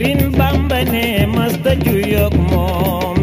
sëriñ bàmba ne mas ta ju yoog moom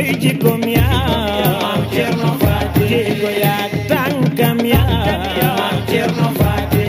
ay jikkoom yaa maam Cerno Faati jikko yaa tànkam yaa maam Cerno Faati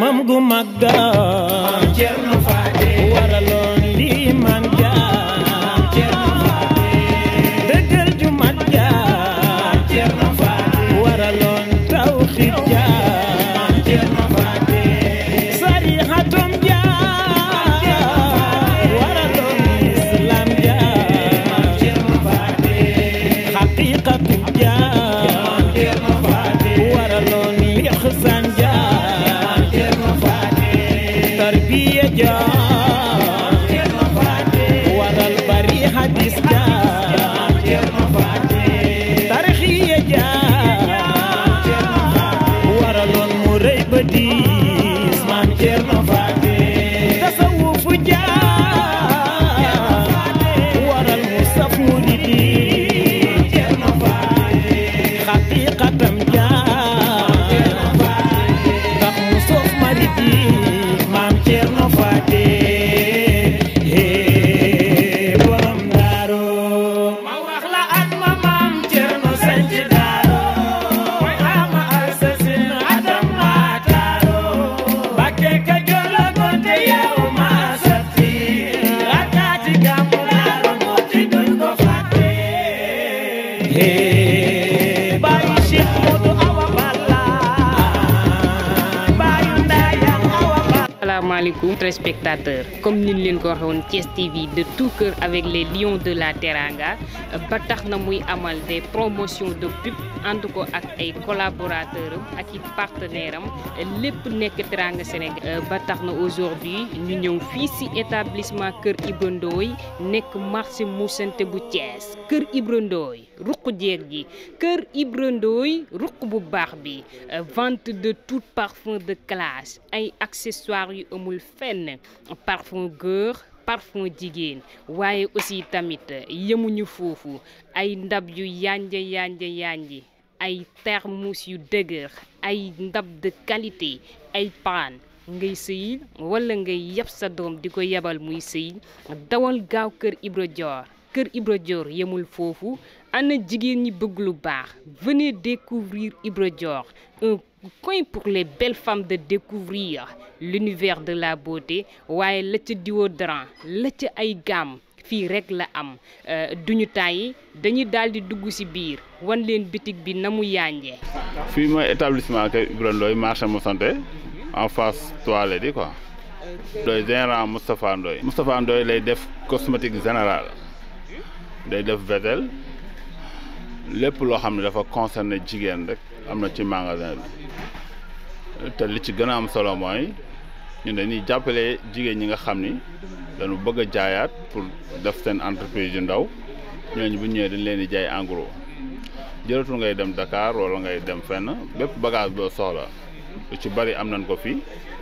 maam gu mag ga waraloon di man alaikum téléspectateurs comme nous leen ko Thiès TV de tout cœur avec les lions de la Teranga ba avons muy des promotions de pub ànd ko ak ay collaborateurs avec ak partenaires le plus Teranga Sénégal euh, ba aujourd'hui Nous avons fii ci établissement Kër Ibra nek nekk marché Moussanté bu Thiès Kër Ibra Cœur ruq jeeg Barbie. Euh, vente de tout parfum de classe ay accessoires yu amul fête parfum gour, parfum jigéen waaye aussi tamit yemuñu fofu ay ndab yu yànja yànja Yandi. ay termus yu dëgër ay ndab de qualité ay pan ngay sëy wala ngay yab sa doom yebal muy sëy dawal gaaw keur Ibra Dior keur Ibra Dior yemul fofu ana ñi bëgg lu baax venez découvrir Ibra Dior un coin pour les belles femmes de découvrir l'univers de la beauté waaye le ca déodorant la ca ay gamme fii rek la am euh, duñu tàyyi dañuy daal di dugg ci biir wan leen bitig bi namu mu Fi ma établissement Kër Ibra Ndoye marché mo santé en face toilette quoi Le général Moustapha Ndoye Moustapha Ndoye lay def cosmétique général day def vétel lépp loo xam ne dafa concerné jigéen rek am na ci magasin bi te li ci gën a am solo mooy ñun dañuy jàppale jigéen ñi nga xam ni dañu bëgg a jaayaat pour def seen entreprise yu ndaw ñooñ bu ñëwee dañ leen di jaay en gros ngay dem dakaar wala ngay dem fenn bépp bagage boo soxla lu ci bari am nañ ko fi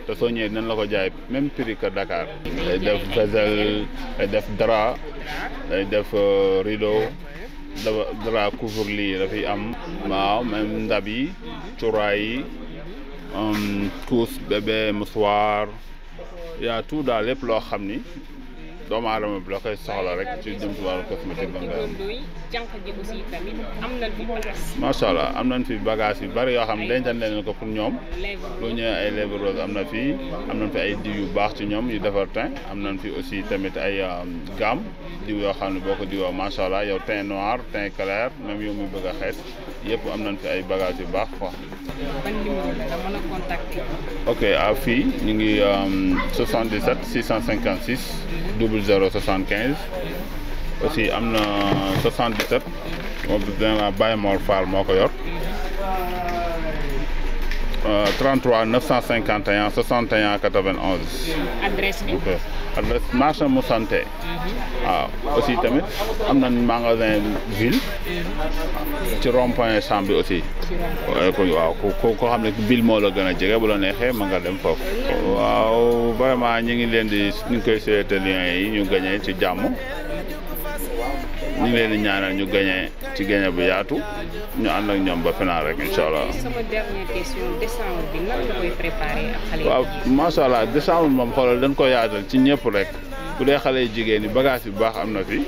te soo ñëwee dinañ la ko jaay même prix que Dakar. day def vaisselle day def drap day dara euh, drap couvre-lit am. waaw même ndab yi yi. um, tuus bébé musuwaar yaa tout daal lépp loo xam ni doomu aadama bi la koy soxla rek ci jëm ci wàllu cosmétique am. nañ fi bagage. allah am nañ fi bagage yu bari yoo xam ne dencal nañ ko pour ñoom. lu ñëwee ay lèvre rose am na fi am na fi ay diw yu baax ci ñoom yu defar teint am nañ fi aussi tamit ay euh, gamme diw yoo xam ne boo ko diwoo macha allah yow teint noir teint clair même yow muy bëgg xeet yëpp am nañ fi ay bagages yu baax quoi. ban numéro la nga mën a contacter. ok à fii ñu ngi 77 656. 00 aussi am na 77. moom dina la Baye Mor moo ko yor. 33 951 61 91. adresse bi ok. adresse marché mu santé waaw mhm. ah, aussi tamit am na magasin ville mhm. ci rond-point Sam bi aussi waaw ku ko xam ne ville moo la gën a jege bu la neexee ma nga dem foofu waaw vraiment ñi ngi leen di ñu ngi koy souhaiter yi ñu gagné ci jàmm ñu leen di ñaanal ñu gañe ci gañe bu yaatu ñu ànd ak ñoom ba final rek incha allah. waaw macha allah décembre moom xoolal dañ ko yaatal ci ñëpp rek ku dee xale yi jigéen yi bagage yu baax am na fi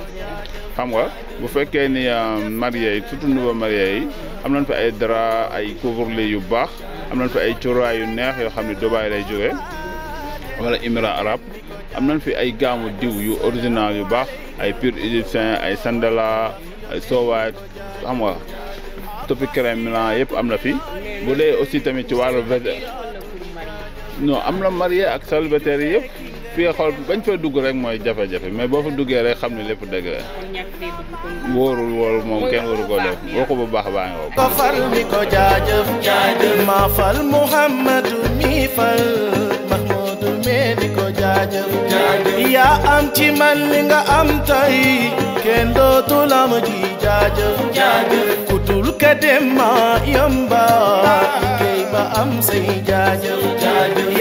xam nga bu fekkee ni euh, marié yi surtout nouveau yi am nañ fi ay drap ay couvre yu baax am na fi ay cuuraay yu neex yoo xam ne Dubaï lay jógee wala Émirats arabes am nañ fi ay gaamu diw yu original yu baax. ay pure égyptien ay sandala ay sowat xam nga topi crème milan yëpp am na fi bu dee aussi tamit ci wàllu non am na marié ak célibataire yi yëpp fi nga xool bañ fa dugg rek mooy jafe-jafe mais boo fa duggee rek xam ne lépp dëgg la wóorul wóorul moom kenn waru ko def waxu bu baax baa ngi ko fal mi ko jaajëf jaajëf maa fal Mouhamadou mi fal Mene ah. ko jaajëf yaa am ci man li nga am tay kenn dootul am ji jaajëf kutul ka dem ma yomba kay ba am say jaajëf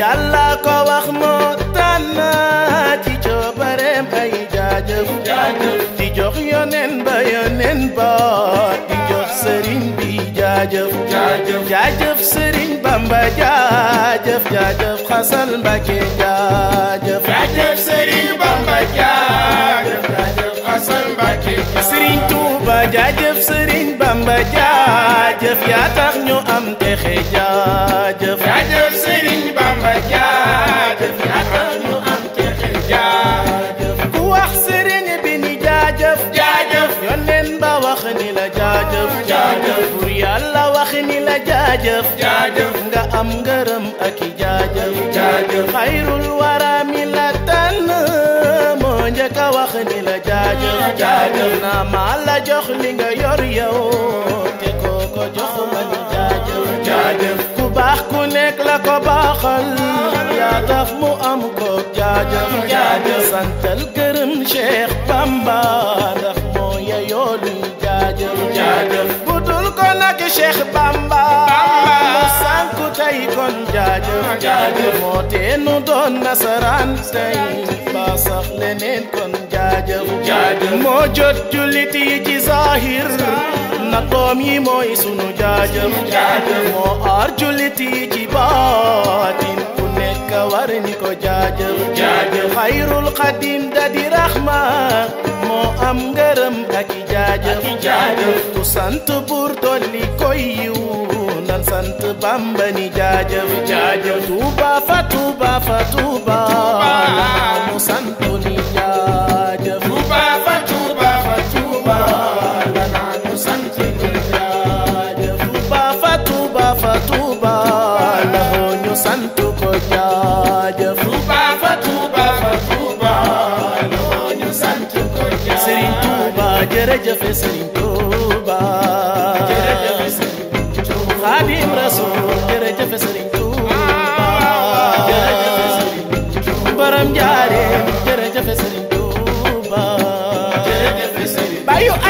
yàlla ko wax moo tànn ci coobareem ay jaajëf di jox yonen ba ba di jox sëriñ bi jaajëf jaajëf sëriñ Bamba jaajëf jaajëf jaajëf xasal Mbàkke jaajëf. jaajëf Serigne Bamba jaajëf jaajëf xasal Mbàkke. Serigne Touba jaajëf Serigne Bamba jaajëf yaa tax ñu am texe jaajëf. jaajëf Serigne Bamba jaajëf. yàlla wax ni la jaajëf jaajëf nga am ngeureum ak i jaajëf khairul wara mi la tan mo njëkk a wax ni la jaajëf jaajëf na ma la jox li nga yor yow te jox ma ni jaajëf jaajëf ku bax ku nek la ko baxal ya taf mu am ko jaajëf jaajëf santal geureum Cheikh Bamba barke Cheikh Bamba mu sanku tey kon jaajëf moo tee nu doon nasaraan tey ba sax leneen kon jaajëf moo jot jullit yi zahir na doom yi mooy sunu jaajëf moo aar jullit yi baat jaajëf jaajëf xayrul xadim da di raxma moo am ngërëm ak i jaajëf jaajëf ku sant buur dolli koy yiw nan sant Bamba ni jaajëf jaajëf tuuba fa tuuba fa tuuba mu sant ni jaajëf jërëjëf Serigne Touba jërëjëf Serigne Touba Xaadim Rasul jërëjëf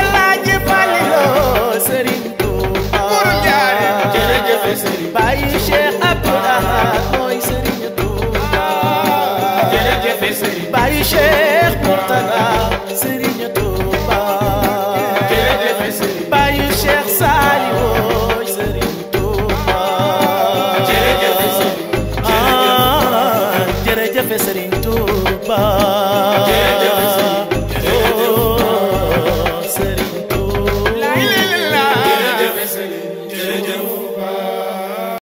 Allah ji falilo Serigne Touba borom jaare jërëjëf Serigne bayu mooy Serigne Touba jërëjëf Serigne bayu Cheikh Mourtada Serigne